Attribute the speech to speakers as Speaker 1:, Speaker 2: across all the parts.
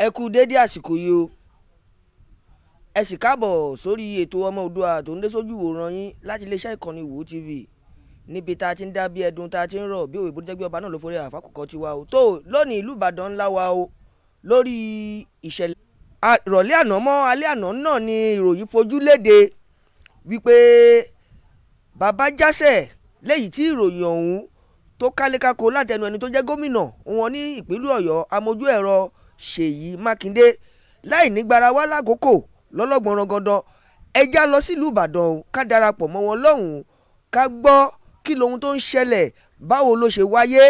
Speaker 1: ẹ kú dédé àsìkò yìí o ẹ sì káàbọ̀ sórí ètò ọmọ Oòduà tó ń dé sójú ìwòran yín láti iléeṣẹ́ ìkànnì Wo TV níbi tá a ti ń dá bí ẹdun tá a ti ń rọ̀ bí òwe bó dẹ́gbẹ́ ọba náà ló forí àfàkùkọ tiwa o tó lónìí ìlú Ìbàdàn ńlá wa o lórí ìṣẹ̀lẹ̀ ìrọ̀lẹ́ àná mọ́ alẹ́ àná náà ni ìròyìn fojú léde wípé bàbá jásẹ̀ léyìí tí ìròyìn ọ̀hún tó kálékáko látẹnu ẹni tó jẹ́ gómìnà wọn ní ìpínlẹ̀ Ọ̀yọ́ amójú ẹ̀rọ ṣèyí mákindé láì nígbára wá lákòókò lọ́lọ́gbọ̀n rangandan ẹja lọ sílùú ìbàdàn o ká darapọ̀ mọ́ wọn lọ́hùn-ún ká gbọ́ kí lohun tó ń ṣẹlẹ̀ báwo ló ṣe wáyé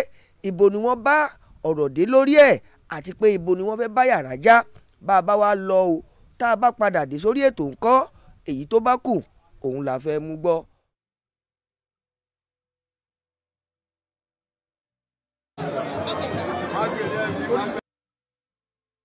Speaker 1: ibo ni wọ́n bá ọ̀rọ̀ dé lórí ẹ̀ àti pé ibo ni wọ́n fẹ́ bá yàrá já bá a bá wa lọ o tá a bá padà dé sórí ètò ńkọ́ èyí tó bá kù òun la fẹ́ mú gbọ́.
Speaker 2: Thank you.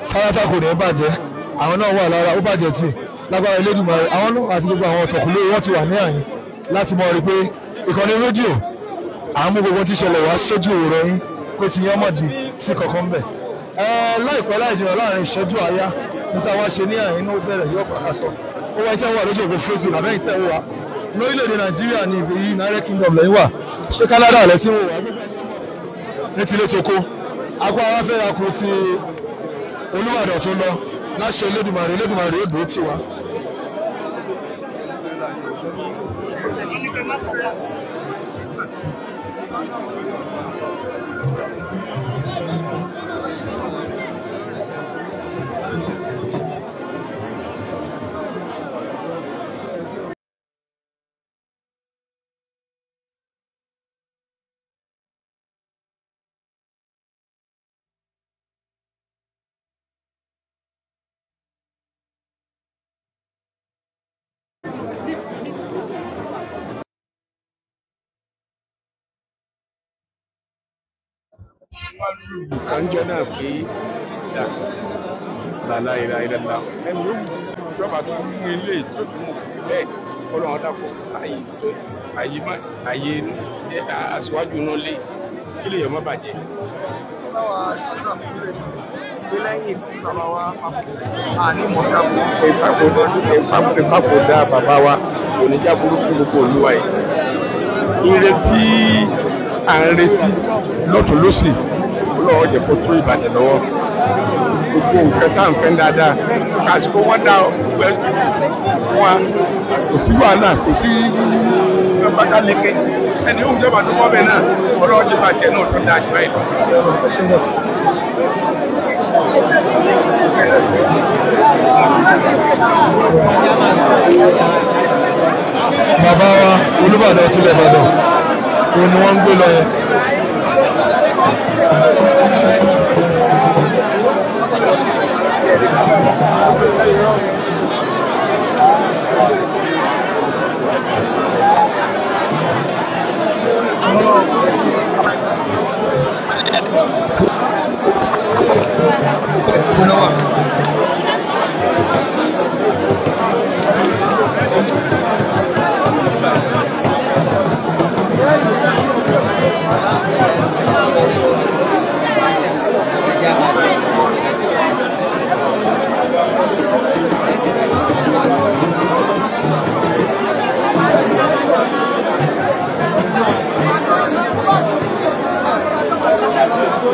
Speaker 3: sáyátà kò ní bàjẹ́ àwọn náà wà lára ó bàjẹ́ tì lágbára Elédùmarè àwọn náà àti gbogbo àwọn ọ̀tọ̀kùnlé wọn ti wà ní àyìn láti mọ̀ rí pé ìkànnì rédíò àwọn mú gbogbo tí ìṣẹ̀lẹ̀ wá sójú òwúrọ̀ yín pé ti yán mọ̀dì sí kankan bẹ̀. láìpẹ́ láì jìnnà láàrin ìṣẹ́jú àyá ní táwa ṣe ní àyìn inú bẹ̀rẹ̀ yóò padà sọ ó wáyé tẹ́ wà lójú òkú Facebook àbẹ́yìn tẹ́ wà lórílẹ̀‐èdè Nàìjíríà ní ibi yìí United Kingdom lẹ́yìn wà ṣé Canada lẹ́tí wò wá ní tilé toko akọ aráfẹ́ akọ ti olúwàdàn tó lọ láṣẹ Elédùmarè Elédùmarè yóò dúró tì kanjọ náà pé làlá ìlà ìlà ìlà ẹni yóò jọba
Speaker 1: tó ń mú ilé ìtọ́jú mọ̀ bẹ́ẹ̀ fọlọ́wọ́n dàpọ̀ sáyé tó àyè aṣíwájú náà lé kí lè yẹ má bàjẹ́.
Speaker 4: báwa ṣàdúrà fún ilé pé lẹ́yìn tí bàbá wa papò
Speaker 1: àní mọ̀ṣáàbù.
Speaker 3: ìpapòdà bàbá wa kò ní jábúrú gbogbo olúwa yìí ìrètí à ń retí lọ́tún lọ́sì náà ọ̀jẹ̀ kó tó Ìbàdàn lọ́wọ́ gbogbo nǹkan tá à ń fẹ́ dáadáa àsìkò wọn dá ọgbẹ́ wọn kò sí wàhálà kò sí bàtà leke ẹni ó ń jọba tó wọ́ bẹ̀ náà ọlọ́run ti bàjẹ́ náà tó dáa jù báyìí lọ. bàbá wa Olúbàdàn tilẹ̀ Ìbàdàn òun ni wọ́n ń gbé lọ yẹn. Bueno,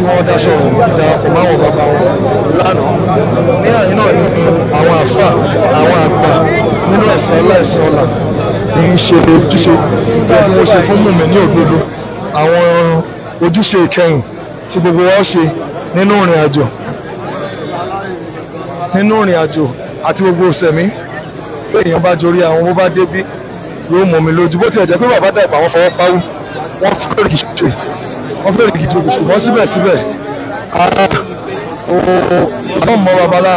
Speaker 3: tí wọ́n daṣọ ìdarapọ̀ máwọn bàbá wọn lánàá ní àyín náà ni àwọn àfà àwọn àgbà nínú ẹ̀sìn ọláìsìn ọ̀la ti ń ṣe ojúṣe bẹ́ẹ̀ ni mo ṣe fún mùmí ní òdodo àwọn ojúṣe ìkẹyìn tí gbogbo wa ṣe nínú ìrìn àjò nínú ìrìn àjò àti gbogbo sẹ̀mí pé èèyàn bá jorí àwọn bó bá débí yóò mọ̀ mí lójú bó tilẹ̀ jẹ́ pé bàbá dàgbà wọn fọwọ́ pawú wọ́n fẹ́ràn ìṣòṣe wọ́n fẹ́ẹ́ gidi òkú ṣùgbọ́n síbẹ̀síbẹ̀ ara ọ̀sán mọ babalá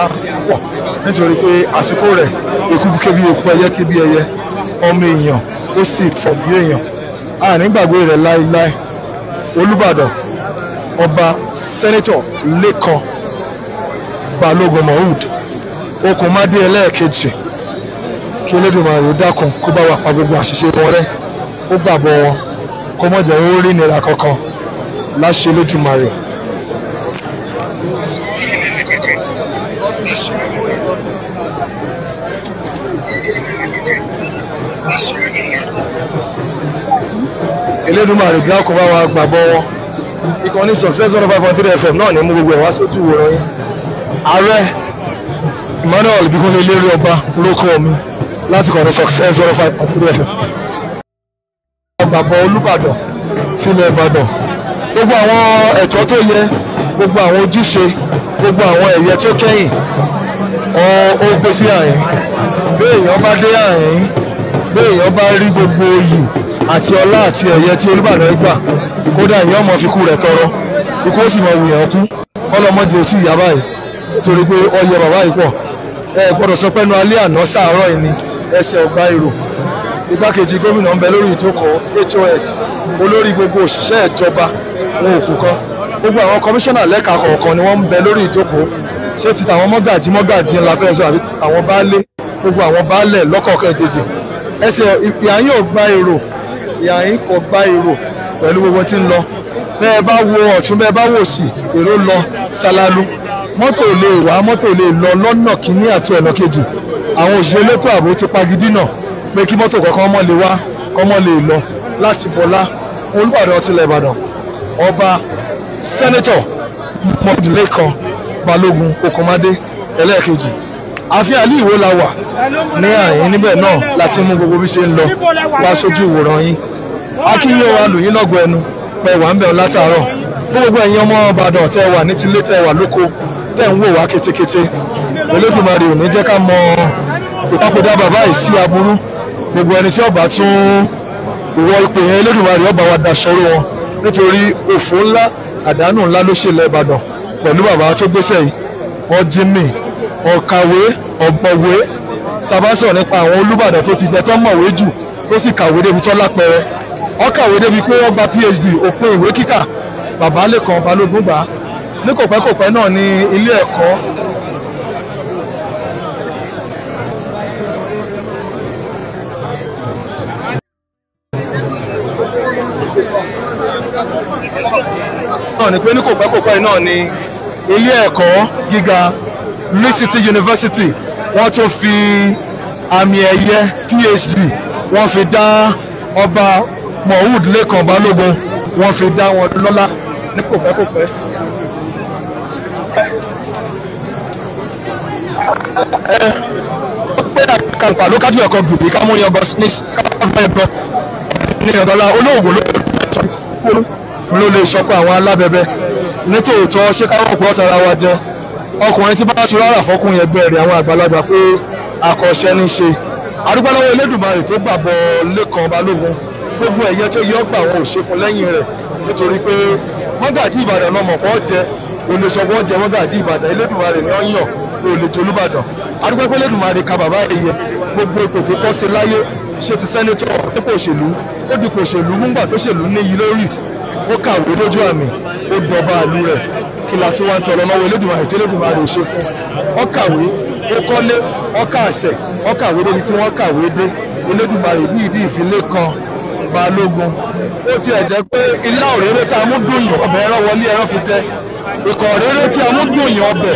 Speaker 3: pọ̀ nítorí pé àsìkò rẹ̀ èkú kébi èkú ẹyẹ kébi ẹyẹ ọmọ èèyàn ó sì fọ̀bí èèyàn a nígbàgbé rẹ̀ láéláé Olúbàdàn ọba sẹ́nẹ́tọ̀ Lékan Balógun Mohood Okùnmádé ẹlẹ́ẹ̀kejì kí Olódùmarè dákun kó bá wa pa gbogbo àṣìṣe wọn rẹ́ ó gbàgbọ́ wọn kó mọ̀jẹ̀ ó rí ìnira kankan láṣẹ Olódùmarè. Elédùmarè bí wọn kò bá wa gbàgbọ́ wọn ìkànnì success one oh five one three fm náà ní mú gbogbo ẹ̀ wá sójú wòran yín ààrẹ Emmanuel Bíkúnlé Eléré Ọba lóko mi láti kàn ní success one oh five one three fm. àgbàbọ̀ Olúbàdàn sílẹ̀ Ìbàdàn gbogbo àwọn ẹ̀tọ́ tó yẹ gbogbo àwọn ojúṣe gbogbo àwọn ẹ̀yẹ tó kẹ́yìn ó gbé sí àyìn bí èèyàn bá dé àyìn bí èèyàn bá rí gbogbo oyè àti ọlá àti ẹ̀yẹ tí Olúbàdàn gbà kódà èèyàn mọ̀ fi kú rẹ̀ tọrọ ikú ó sì mọ̀ wùyàn kú kọ́lọ́mọ́dé ò tí ìyá báyìí torí pé ọyẹ bàbá yìí pọ̀ ẹ gbọ́dọ̀ sọ pẹ́nu alẹ́ àná sàárọ̀ yìí ni ẹsẹ̀ èrò igbákejì gómìnà ń bẹ lórí ìjókòó HOS olórí gbogbo òṣìṣẹ́ ìjọba wọn ò kú kọ́ gbogbo àwọn kọmíṣánná lẹ́ka kọ̀ọ̀kan ni wọ́n ń bẹ lórí ìjókòó ṣé ti tàwọn mọ́gàjí mọ́gàjí ńlá fẹ́ sọ àbí ti àwọn baálé gbogbo àwọn baálẹ̀ lọ́kọ̀ọ̀kan ìdíje ẹsẹ̀ ìyàyín ò gba èrò ìyàyín kò gba èrò pẹ̀lú gbogbo tí ń lọ bẹ́ẹ̀ bá wo ọ̀tún bẹ́ẹ̀ bá wò sí èrò lọ ṣalalu mọ́tò lè wá mọ́tò lè lọ lọ́nà kínní àti ọ̀nà kejì àwọn òṣèré elétò ààbò ti pagidí náà pé kí mọ́tò kọ̀ọ̀kan ọmọ lè wá kọ́mọ lè lọ láti bọ́lá fún Olúbàdàn tilẹ̀ ọba sẹ́nẹ́tọ̀ mohammed lẹ́kan balógun okomade ẹlẹ́ẹ̀kejì ààfin àlú ìwó la wà
Speaker 1: ní àyín níbẹ̀ náà láti mú gbogbo bí ṣe ń lọ wá sójú ìwòran yín akínyìn wa lù
Speaker 3: yín lọ́gọ̀ ẹnu pé wà ń bẹ̀rù látàárọ̀ fún gbogbo ẹ̀yin ọmọ ìbàdàn tẹ́ wà ní tilé tẹ́ wà lóko tẹ́ ń wò wá ketekete olódùmarè ò ní ká mọ ìpapòdà bàbá yìí sí aburú gbogbo ẹni tí ọba tún ìwọ ipò yẹn olódùmarè ọba wa daṣọ́rọ́ wọn nítorí òfò ńlá àdánù ńlá ló ṣe ilẹ̀ Ìbàdàn pẹ̀lú bàbá tó gbéṣẹ́ yìí ọjìnì ọ̀kàwé ọ̀gbọ̀wé tàbá sọ̀rọ̀ nípa àwọn Olúbàdàn tó ti jẹ tó mọ̀wé jù tó sì kàwé débi tó lápẹẹrẹ ó kàwé débi pé ó gba PhD òpin ìwé kíkà bàbá Lékan Balógun gbà ní kòpẹ́kòpẹ́ náà ní ilé ẹ̀kọ́ náà ni pé ní kò pẹ́ kò pẹ́ náà ni ilé ẹ̀kọ́ gíga Lee University wọ́n tún fi àmì ẹ̀yẹ PhD wọ́n fi dá ọba Mohud Lẹ́kàn Balógun wọ́n fi dá wọn lọ́lá ní kò pẹ́ kò pẹ́. pé ló kájú ẹ̀kọ́ gùdì ká mú yan bọ́ ní káfíńtà ẹ̀bọ ní ìrànlọ́lá olóògùn ló ń bọ̀ ló lè ṣọkọ àwọn alábẹ́bẹ́ ní tòótọ́ ṣé ká wọ́pọ̀ ọ̀tara wa jẹ ọkùnrin tí bá ṣe rárá fọkùnrin ẹgbẹ́ rẹ̀ àwọn àgbàlagbà pé àkọ́ṣe ní ṣe arúgbó lọ́wọ́ Elédùmarè tó gbàbọ̀ Lékan Balógun gbogbo ẹ̀yẹ tó yọ gbà wọn ò ṣe fún lẹ́yìn rẹ̀ nítorí pé mọ́gàjí Ìbàdàn lọmọ kọ́ jẹ olè sọ fún ọjẹ Ìbàdàn Elédùmarè ni wọ́n yàn olè tó Olúbàdàn arúgbó pé Elédùmarè ka bàbá ẹ̀yẹ gbogbo ipò tó tọ́ sí láyé ṣe ti sẹ́nitọ́ dípò òṣèlú ó dípò òṣèlú nígbà tó ṣèlú níyì ó kàwé lójú àmì ó dọba àlú rẹ̀ kí la tún wá ń tọrọ lọ́wọ́ Elédùmarè tí Elédùmarè ò ṣe fún ọ kàwé ó kọ́lé ọ kàṣẹ ọ kàwé débi tí wọ́n kàwé dé Elédùmarè bí ìdí ìfilé kan balógun ó tiẹ̀ jẹ́ pé ilá òréré tá a mú dùn yàn ọbẹ̀ ẹran wọlé ẹran fi jẹ ikọ̀ òréré tí a mú dùn yàn ọbẹ̀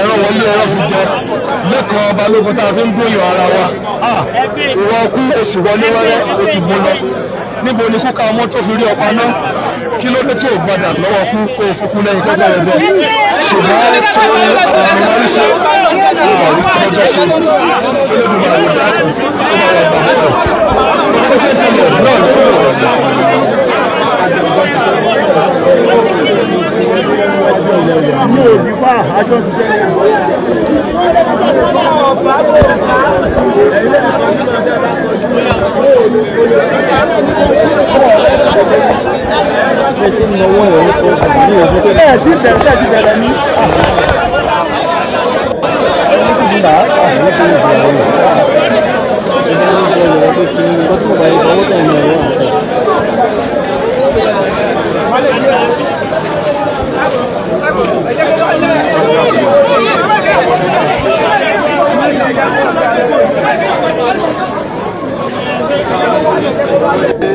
Speaker 3: ẹran wọlé ẹran fi jẹ lẹ́kọ̀ọ́ balógun tá a fi ń dùn yàn ara wa ìwọ kú oṣù wọlé wẹ́rẹ́ ó ti mú lọ níbo ni kúkà ọmọ tó fi rí ọpa náà kí ló dé tó gbadà lọ́wọ́ kú kó fúnkún lẹ́yìn kọ́kọ́ rẹ̀ jẹ́ ṣùgbọ́n tó àwọn ọmọlẹ́sẹ̀
Speaker 4: àwọn ìtọ́jọ́ ṣe fẹ́lẹ́bù máa wò dáàbò tó máa wà gbà bọ́ọ̀rọ̀ ọmọ tó fẹ́ ṣẹlẹ̀ náà lọ́wọ́ mi ò ní fà ájọ́ ṣiṣẹ́ ní ìgbà bẹ́ẹ̀ ṣe ń náwó ẹ̀ ń kọ́ àgbàdo ọdún tó bẹ́ẹ̀ tí bẹ̀rẹ̀ tẹ̀ ti bẹ̀rẹ̀ ní. Thank you.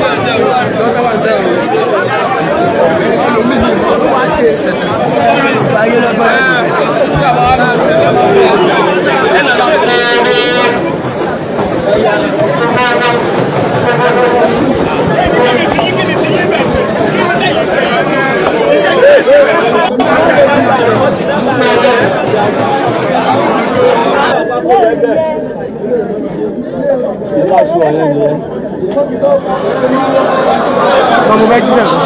Speaker 4: lọ́sẹ̀ wà ọmọ bá jíjà lọ.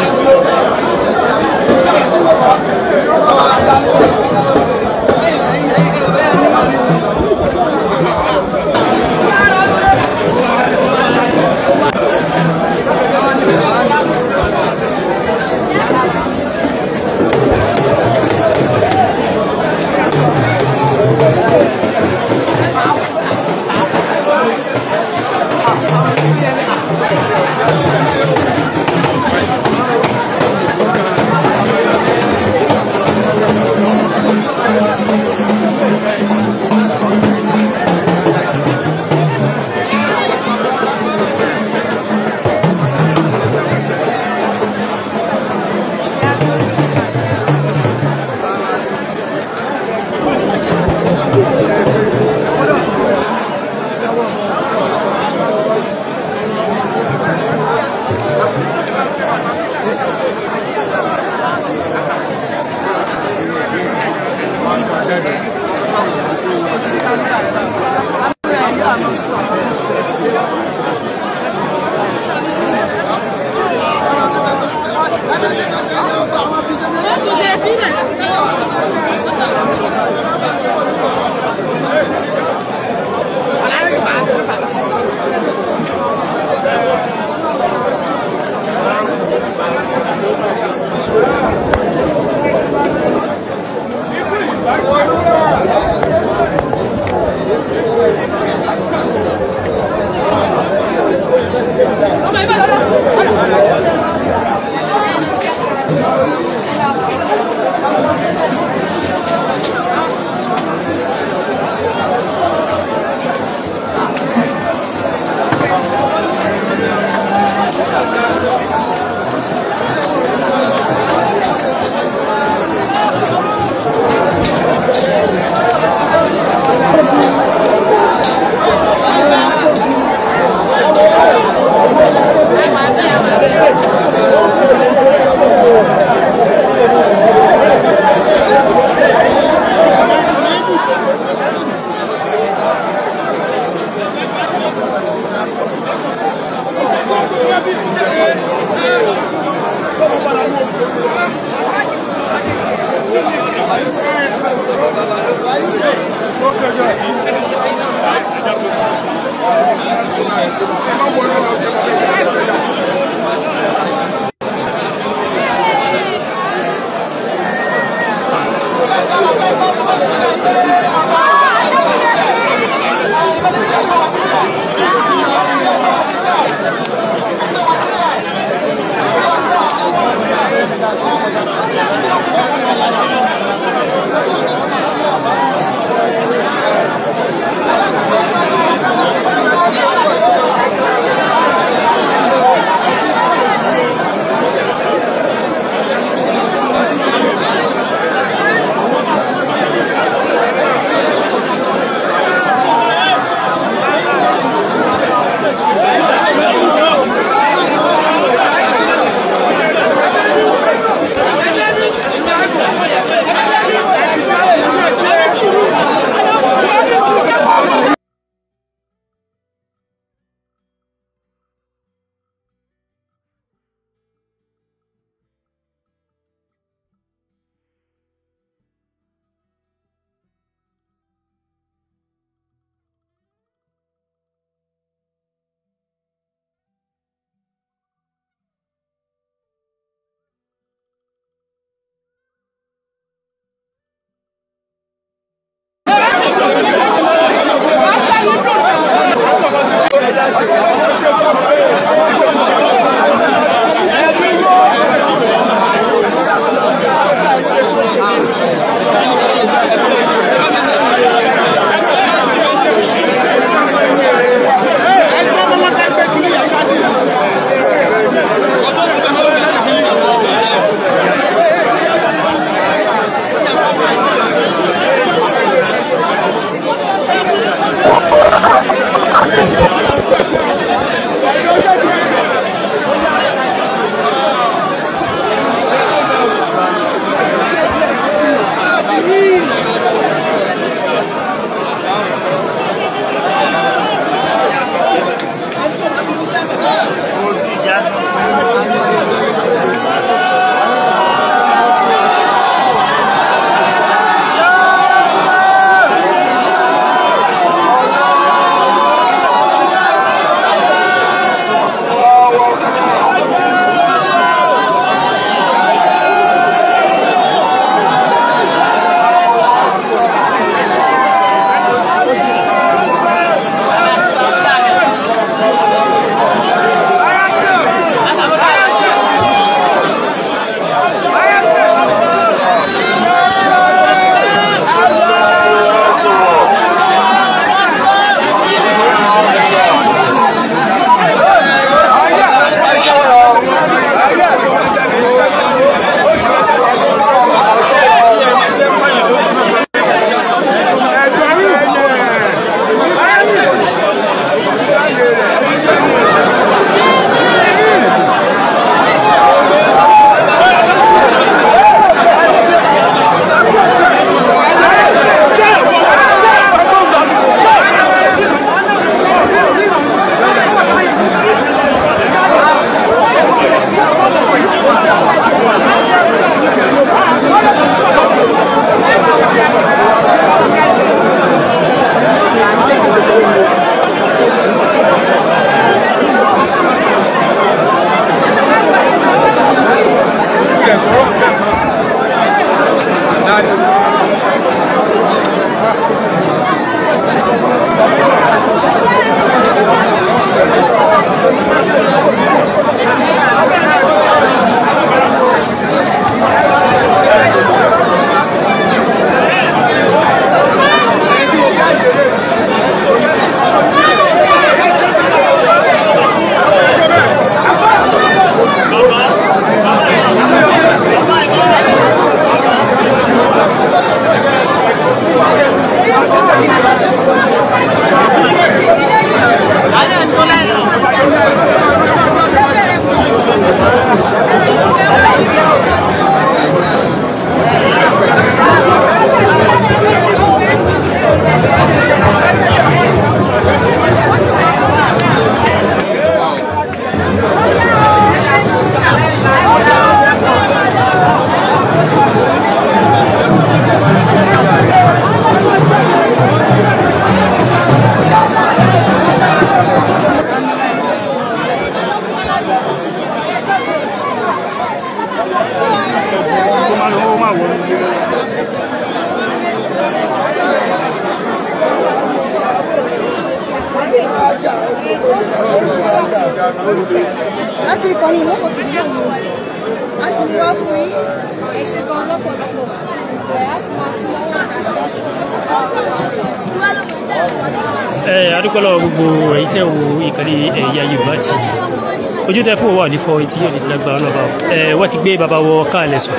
Speaker 5: ojú tẹ fún wa ní fọ etí yóò di lágbára ọlọ́ba ẹ wọ́n ti gbé bàbá wọ káàlẹ̀ sùn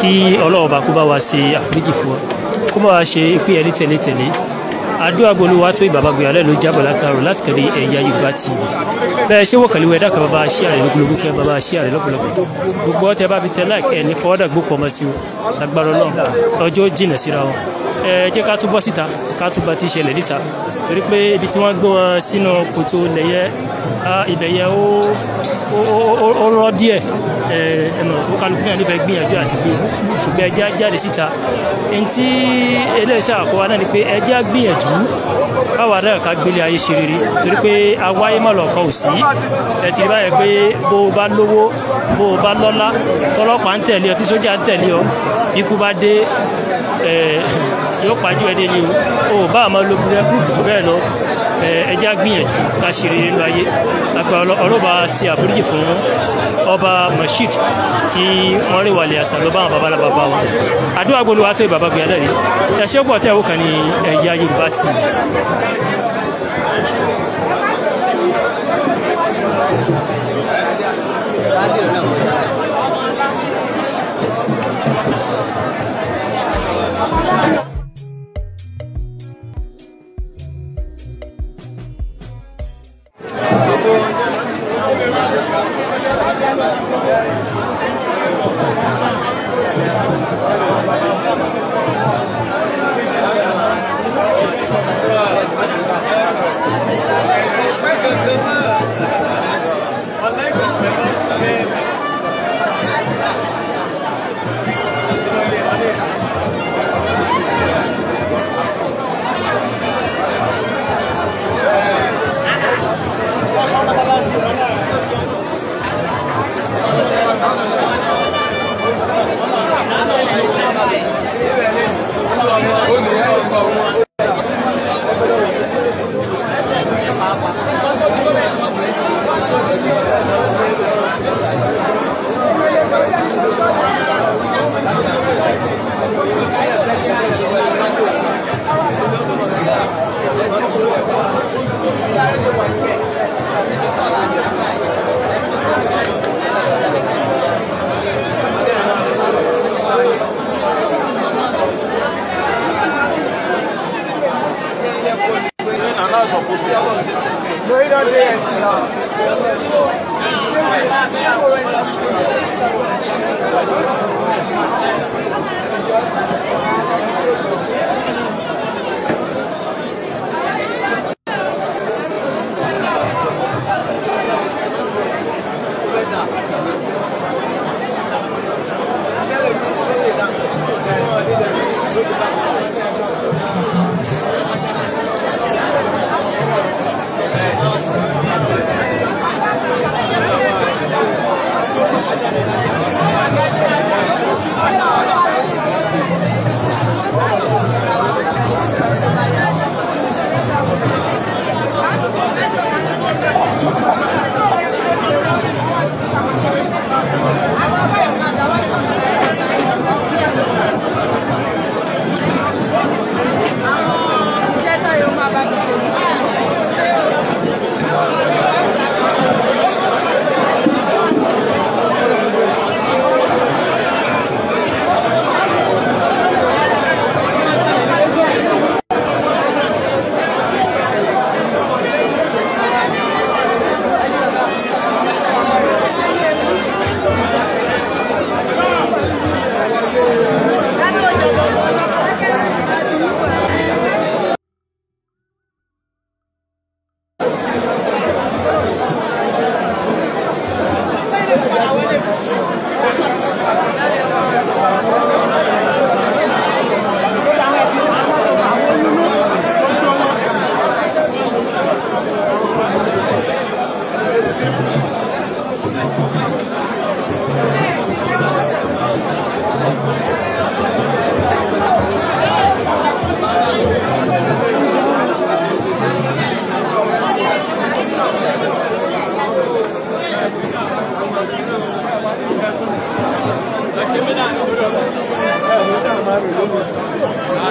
Speaker 5: kí ọlọ́ọ̀ba kó bá wa ṣe àforíjì fún wa kó bá wa ṣe ikú yẹn ní tẹ̀lé-tẹ̀lé àdúrà gbolúwa tó ìbàbá gbé alẹ́ ló jábọ̀ látàrò láti kẹ́lé ẹ̀yà Yorùbá TV bẹ́ẹ̀ ṣé wọ́n kàlíwọ̀ ẹ̀dá kan bàbá ṣí àrẹ lógúnlógún kẹ́ bàbá ṣí àrẹ lọ́pọ̀lọpọ̀ gbogbo ọ̀tẹ̀ bá fi tẹ láì ẹ̀ ní fọwọ́dà gbókò ọmọ sí o lágbára Ọlọ́run ọjọ́ jìnà síra wọn ẹ jẹ́ ká tún bọ́ síta ká tún bá ti ṣẹlẹ̀ níta torí pé ibi tí wọ́n gbé wọn sínú kòtò lẹ́yẹ ibẹ̀ yẹn ó rọ́ díẹ̀ ẹnu kálukú náà nífẹ̀ẹ́ gbìyànjú àti gbé ṣùgbọ́n ẹjẹ́ jáde síta ntí iléeṣẹ́ àkọ́wá náà ni pé ẹjẹ́ gbìyànjú káwa náà ká gbélé ayé ṣe rere torí pé awáyé mọ̀ lọ́kọ̀ ò sí ẹ ti rí báyẹn pé bó o bá lówó bó o bá lọ́lá tọlọ́pàá ń tẹ̀lé ọ tí sójà ń tẹ̀lé ọ ikú bá dé yóò pàjọ́ ẹ dé ni o ò bá àmọ́ lo bulletproof jù bẹ́ẹ̀ lọ ẹ jẹ́ àgbìyànjú ká ṣe rere nínú ayé àgbà ọlọ́ba ṣe àforíjì fún ọba Masheed tí wọ́n rí wàlẹ̀ àṣà lọ́ba àwọn baba lábàbà wọn àdúrà gbọ́dọ̀ wá tó ìbàbà gbìyànjú ẹ̀ ṣé pọ̀ tẹ́ ẹ̀ wò kàn ní ẹ̀yà Yorùbá tì í.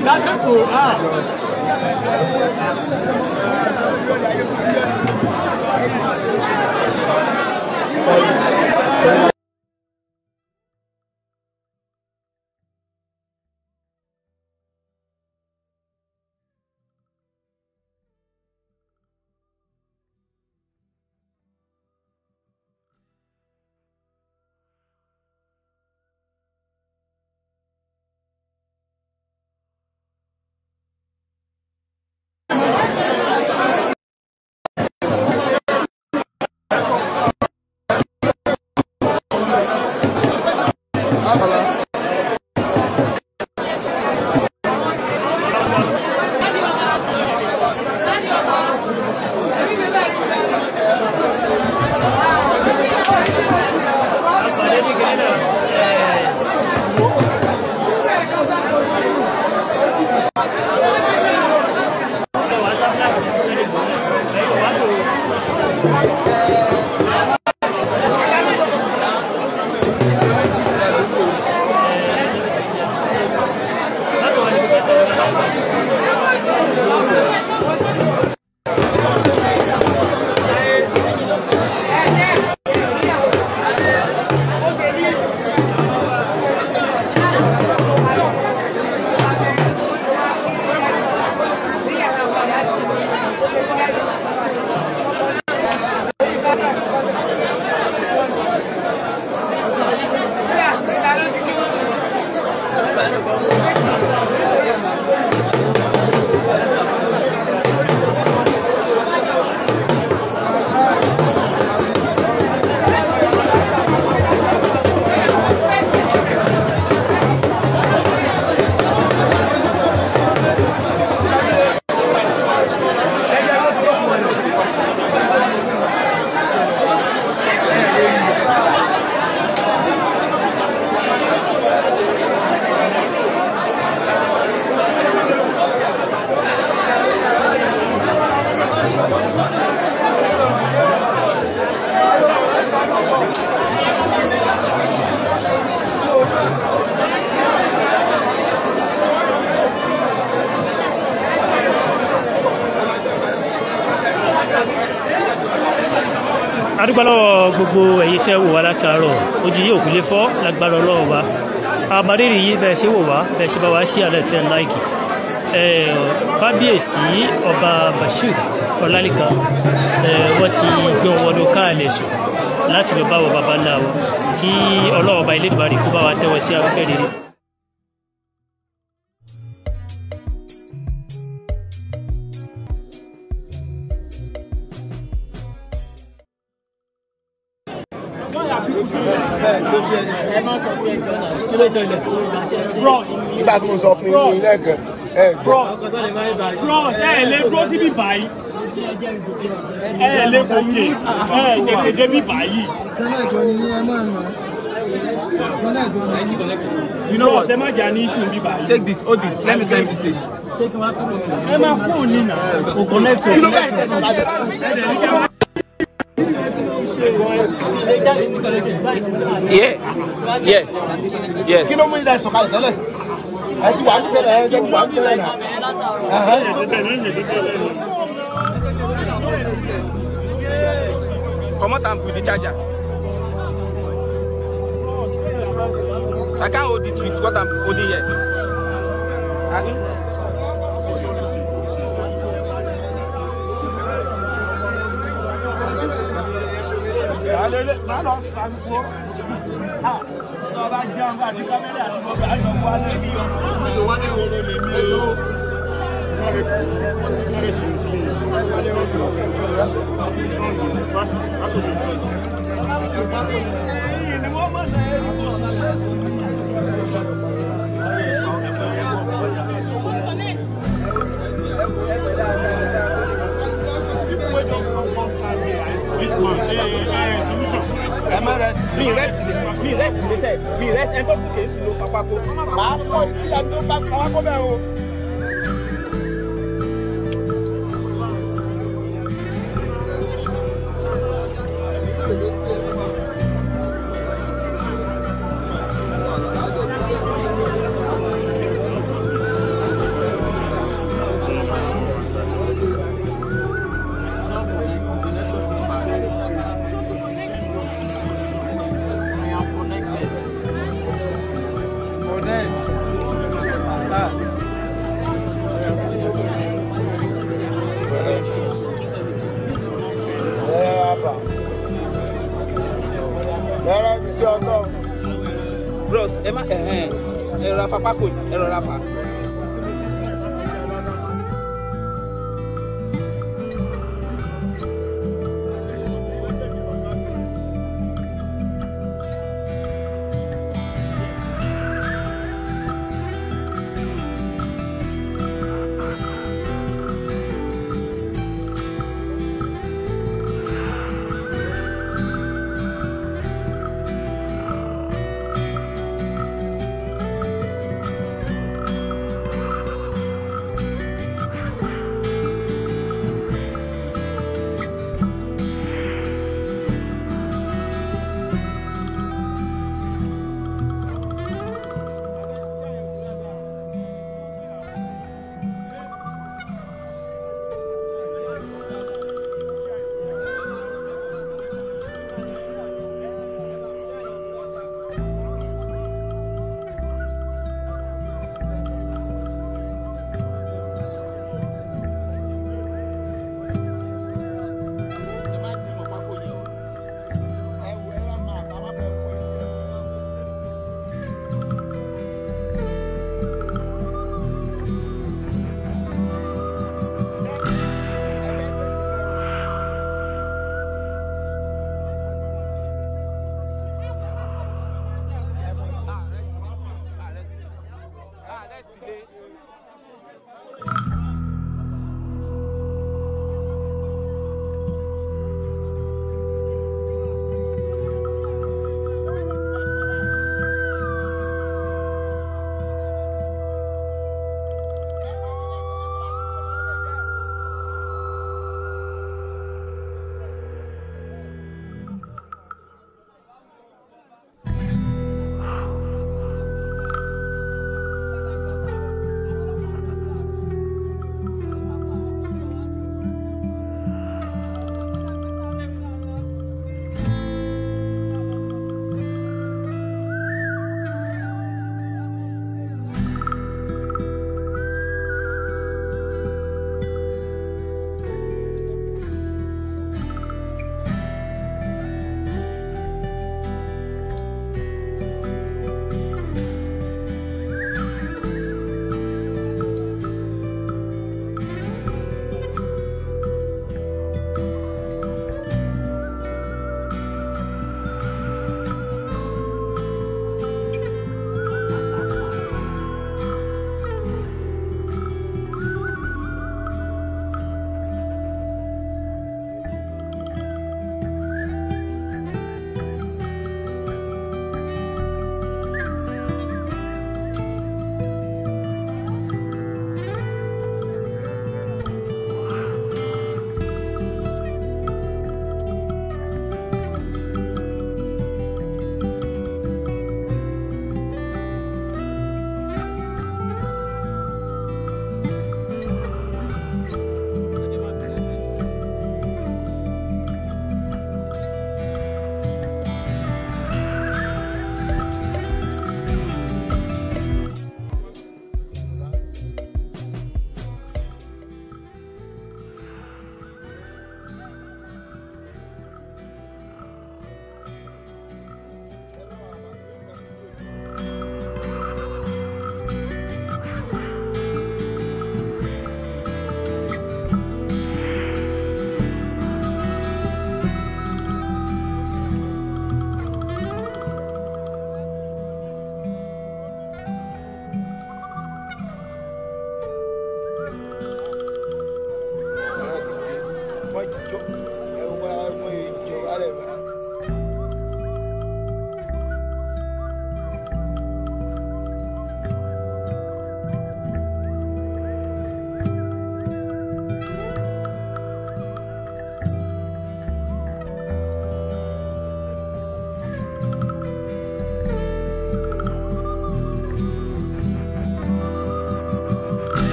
Speaker 4: lákàtò á. Thank you. Thank you.
Speaker 5: gbogbo ẹ̀yin tẹ́ wò wá látàárọ̀ odi yóò kúlé fọ́ lágbára ọlọ́run wa àmàlérì yìí bẹ́ẹ̀ ṣe wò wá bẹ́ẹ̀ ṣe bá wá ṣí àlẹ́ tẹ́ láìkì kábíyèsí ọba Bashir Ọlálékan wọ́n ti gbé wọn wọnú káàlẹ̀ sùn láti lọ bá wọn bàbá ńlá wọn kí ọlọ́run ọba ilé ìdìbò àdìgbò bá wa tẹ́wọ́ sí afẹ́fẹ́ rere.
Speaker 3: nígbà tí mo sọ fún yín lẹ́ẹ̀kan ẹ gbọ́. bros ẹ lè dúró síbí báyìí
Speaker 4: ẹ lè gòkè ẹ tètè
Speaker 3: débí báyìí.
Speaker 1: You know what? Take this, hold it. Let me you this place.
Speaker 4: Ẹ máa kú òní náà. Kò connect o yẹ yẹ yẹ. kí ló mú ilé
Speaker 3: sọ̀kalẹ̀ tẹ́lẹ̀ ẹ ti wà á tẹ́lẹ̀ ẹ ti wà á tẹ́lẹ̀ náà.
Speaker 1: Comment on peut charger? I can't hold the tweet. What I'm holding here.
Speaker 4: alele máa lọ fa gbogbo sọba jẹun àti kámẹ́rà àti bọ́ọ̀bù àyọ̀ wà lẹ́bí Thank you. ẹ má
Speaker 3: rẹ́sì. mi rẹ́sì lè mi rẹ́sì lè sẹ́
Speaker 1: mi rẹ́sì ẹ̀ tó kù kì í sí ló pápákó. màá kọ́ tí a tó bá pápákó bẹ́ẹ̀ o.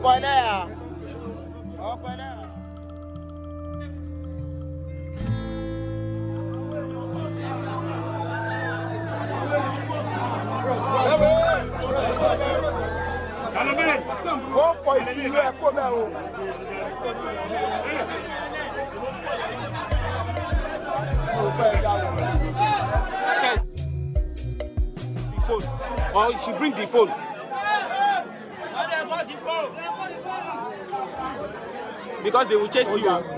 Speaker 3: Open air. Open air.
Speaker 1: Wọ́n you should bring the phone. Obrigado.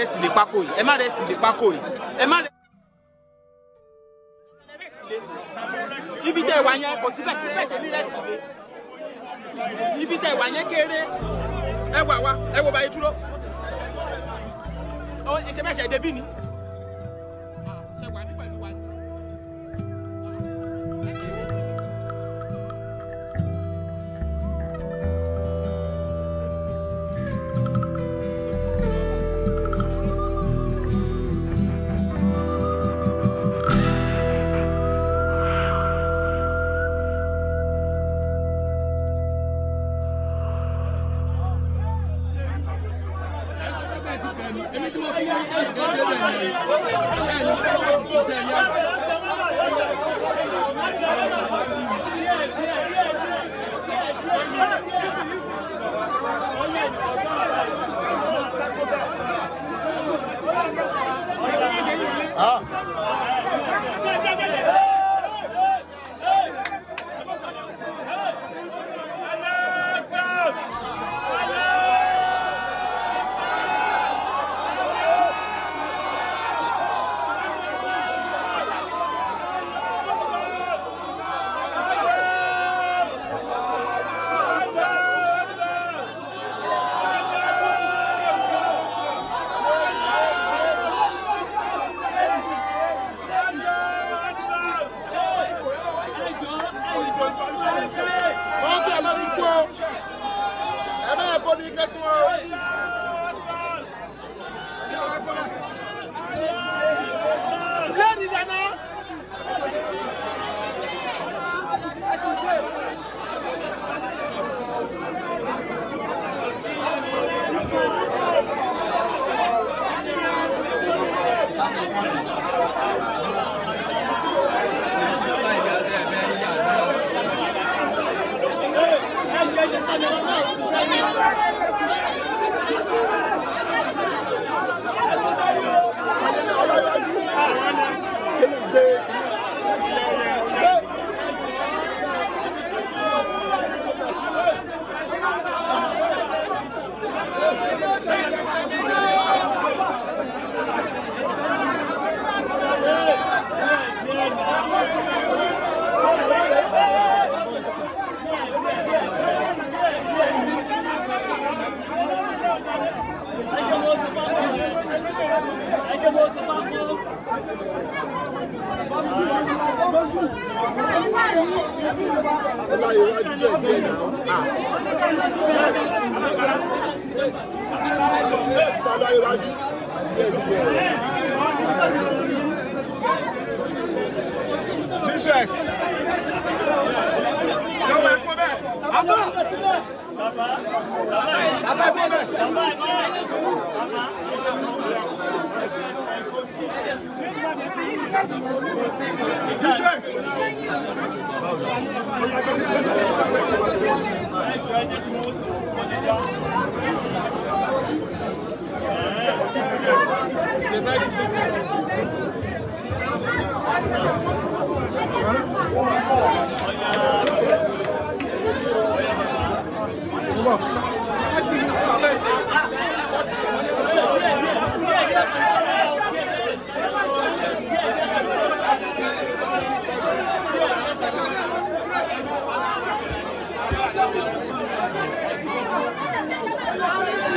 Speaker 1: rest lè pákó yìí ẹ má rest lè pákó yìí ẹ má.
Speaker 4: Jess. Então vai comer. Amar. Tá vai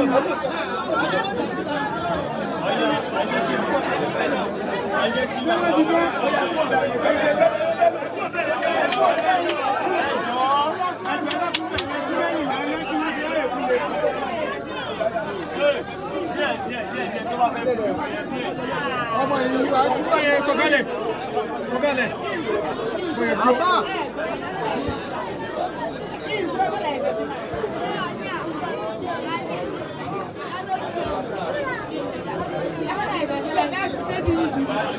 Speaker 4: ọmọ ìlú àṣùwọ̀n yẹn sọ̀kalẹ̀ sọ̀kalẹ̀ àbá.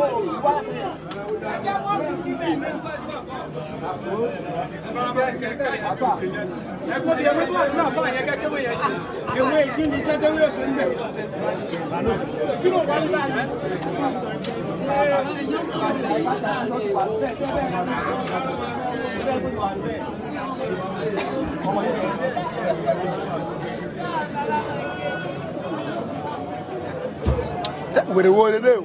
Speaker 4: Oh, wow. Ìwé ìdíni jẹ́ tẹ́wé ọ̀ṣẹ́ ń bẹ̀. Kí ló wà ní báyìí?
Speaker 3: Ọmọ yẹn. Wèrè wo lélẹ́yìn?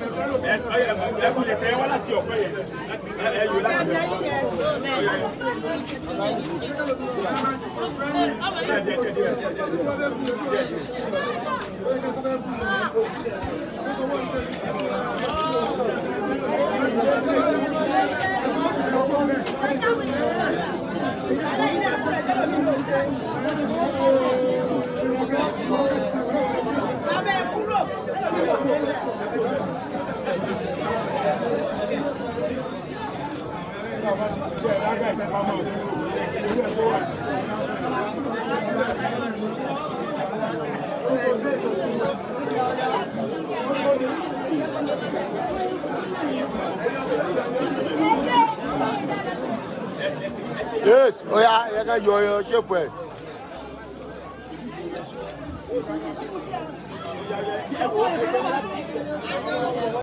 Speaker 4: ẹkùn lè fẹ́ wá láti ọ̀pẹ
Speaker 3: yẹn
Speaker 4: ẹyọ láti Thank you yes oya yẹ ká yọ ọyọ ṣépù ẹ. Thank you.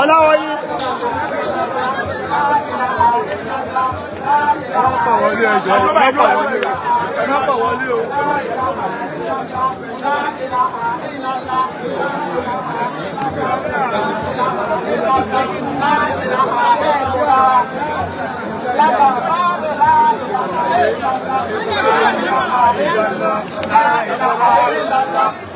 Speaker 4: ọlọ́wọ́ yìí. Ọlọ́pàá wọlé ẹjọ́ ọlọ́pàá wọlé ọlọ́pàá wọlé o. La ilaha
Speaker 1: illallah